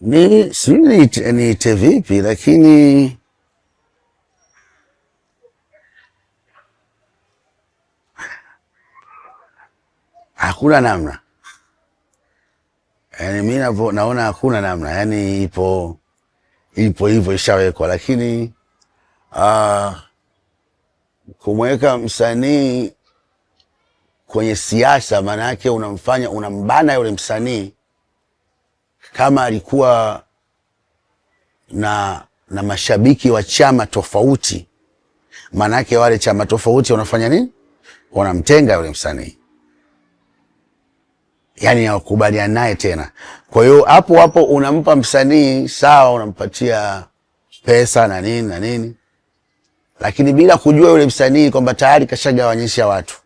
ni sijui niite vipi, lakini hakuna namna. Yani mi naona hakuna namna, yani ipo ipo hivyo, ishawekwa. Lakini uh, kumweka msanii kwenye siasa, maana yake unamfanya unambana yule msanii kama alikuwa na, na mashabiki wa chama tofauti, maanake wale chama tofauti wanafanya nini? Wanamtenga yule msanii, yani hawakubaliani naye tena. Kwa hiyo hapo hapo unampa msanii sawa, unampatia pesa na nini na nini, lakini bila kujua yule msanii kwamba tayari kashagawanyisha watu.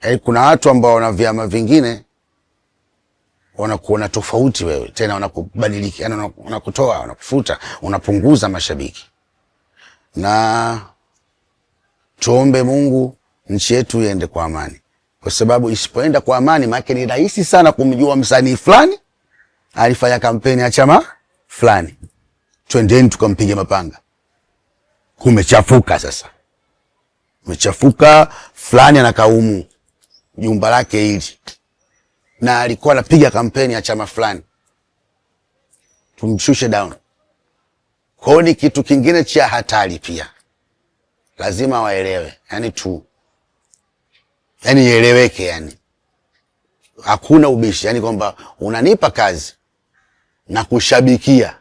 Hey, yaani kuna watu ambao wana vyama vingine wanakuona tofauti wewe tena, wanakubadiliki yani, wanakutoa wanakufuta, unapunguza mashabiki. Na tuombe Mungu nchi yetu iende kwa amani, kwa sababu isipoenda kwa amani, maana ni rahisi sana kumjua msanii fulani alifanya kampeni ya chama fulani, twendeni tukampiga mapanga. Kumechafuka sasa, mechafuka Fulani anakaumu jumba lake hili na alikuwa anapiga kampeni ya chama fulani, tumshushe down. Kwao ni kitu kingine cha hatari pia, lazima waelewe, yani tu, yani ieleweke, yani hakuna ubishi, yani kwamba unanipa kazi na kushabikia,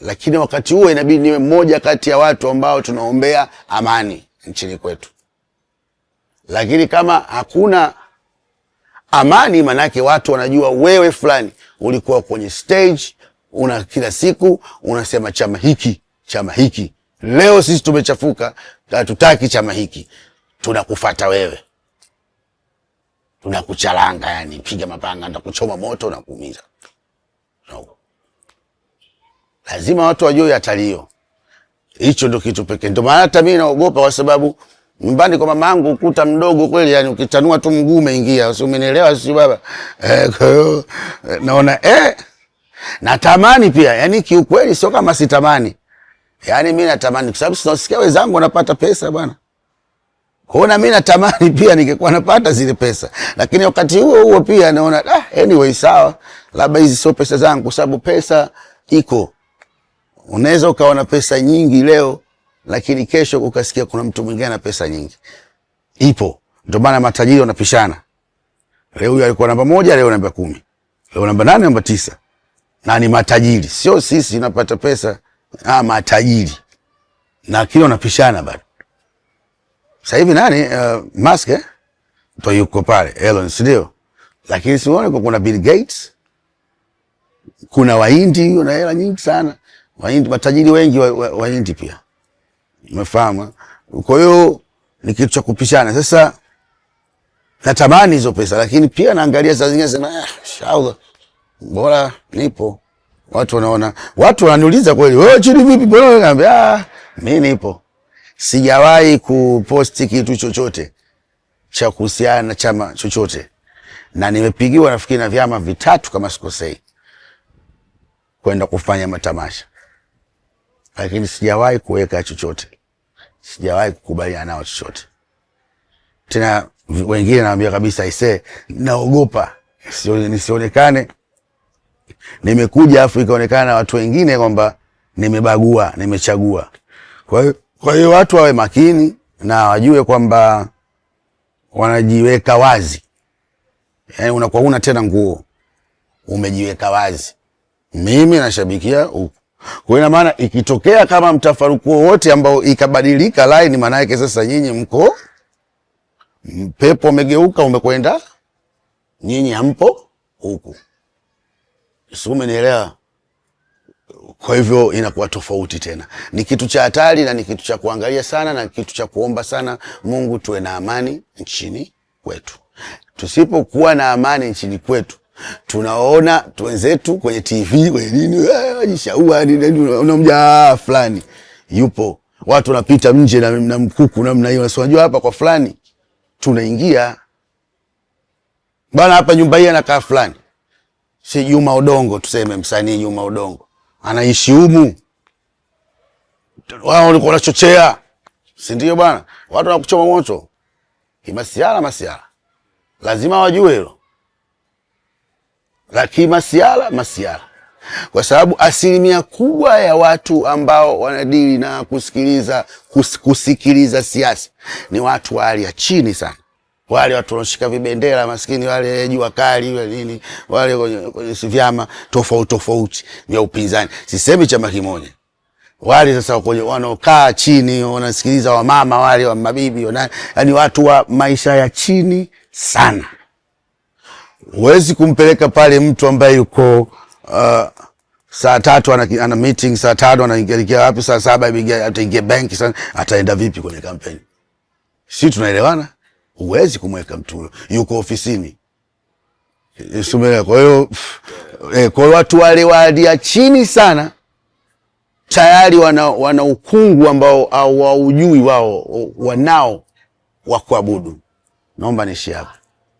lakini wakati huo inabidi niwe mmoja kati ya watu ambao tunaombea amani nchini kwetu, lakini kama hakuna amani, manake watu wanajua wewe fulani ulikuwa kwenye stage, una kila siku unasema chama hiki chama hiki. Leo sisi tumechafuka, hatutaki chama hiki, tunakufata wewe, tunakuchalanga, yani piga mapanga, kuchoma moto na kuumiza. No. Lazima watu wajue hatari hiyo. Hicho ndo kitu pekee, ndo maana hata mimi naogopa kwa sababu nyumbani kwa mama yangu ukuta mdogo kweli, yani ukitanua tu mguu umeingia, si umenielewa? Si baba eh? Kwa hiyo eh, naona eh, natamani pia, yani kiukweli, sio kama sitamani, yani mimi natamani, kwa sababu sinasikia wenzangu wanapata pesa bwana. Kwa hiyo na mimi natamani pia ningekuwa napata zile pesa, lakini wakati huo huo pia naona ah, anyway sawa, labda hizi sio pesa zangu, kwa sababu pesa iko, unaweza ukawa na pesa nyingi leo lakini kesho ukasikia kuna mtu mwingine ana pesa nyingi. Ipo, ndio maana matajiri wanapishana. Leo huyu alikuwa namba moja, leo namba kumi, leo namba nane, namba tisa, na ni matajiri, sio sisi tunapata pesa. Ah, matajiri na kile wanapishana bado. Sasa hivi nani, uh, Musk eh? Ndio yuko pale Elon, si ndio? Lakini sione kwa kuna Bill Gates, kuna Wahindi na hela nyingi sana Wahindi, matajiri wengi wa, wa, Wahindi pia Umefahamu? Eh? Kwa hiyo ni kitu cha kupishana. Sasa natamani hizo pesa, lakini pia naangalia saa zingine sema eh, ah, inshallah bora nipo. Watu wanaona, watu wananiuliza kweli, wewe chini vipi? Bora naambia ah, mimi nipo. Sijawahi kuposti kitu chochote cha kuhusiana na chama chochote, na nimepigiwa nafikiri na vyama vitatu kama sikosei, kwenda kufanya matamasha, lakini sijawahi kuweka chochote sijawahi kukubaliana nao chochote tena. Wengine nawambia kabisa, ise naogopa nisionekane nimekuja afu ikaonekana na watu wengine kwamba nimebagua, nimechagua. Kwa hiyo kwa hiyo watu wawe makini na wajue kwamba wanajiweka wazi, yaani unakuwa una tena nguo umejiweka wazi, mimi nashabikia kwa ina maana ikitokea kama mtafaruku wowote ambao ikabadilika laini, maana yake sasa nyinyi mko pepo, umegeuka umekwenda, nyinyi hampo huku, si umenielewa? Kwa hivyo inakuwa tofauti tena. Ni kitu cha hatari na ni kitu cha kuangalia sana na kitu cha kuomba sana. Mungu, tuwe na amani nchini kwetu. Tusipokuwa na amani nchini kwetu tunaona wenzetu kwenye TV kwenye nini eh, ajishaua unamja ah, fulani yupo, watu wanapita mje na, na mkuku namna hiyo, unajua hapa kwa fulani tunaingia bana, hapa nyumba hii anakaa fulani, si Juma Odongo, tuseme msanii Juma Odongo anaishi humu, wao walikuwa wanachochea, si ndio bwana? Watu wanakuchoma moto kimasiara masiara, lazima wajue hilo lakini masiala masiala, kwa sababu asilimia kubwa ya watu ambao wanadili na kusikiliza kus, kusikiliza siasa ni watu wa hali ya chini sana wale watu wanashika vibendera maskini, wale jua kali wale nini, wale kwenye vyama tofauti tofauti vya upinzani, sisemi chama kimoja. Wale sasa kwenye wanaokaa chini wanasikiliza wamama wale wa mabibi, yani watu wa maisha ya chini sana. Huwezi kumpeleka pale mtu ambaye yuko uh, saa tatu ana, ana meeting saa tano anaingia wapi? Saa saba ataingia benki sana, ataenda vipi kwenye kampeni? Si tunaelewana? Huwezi kumweka mtu yuko ofisini. Eh, kwa hiyo eh, kwa watu wale walia chini sana tayari wana, wana ukungu ambao hawaujui wao wanao wa kuabudu. Naomba niishie hapa.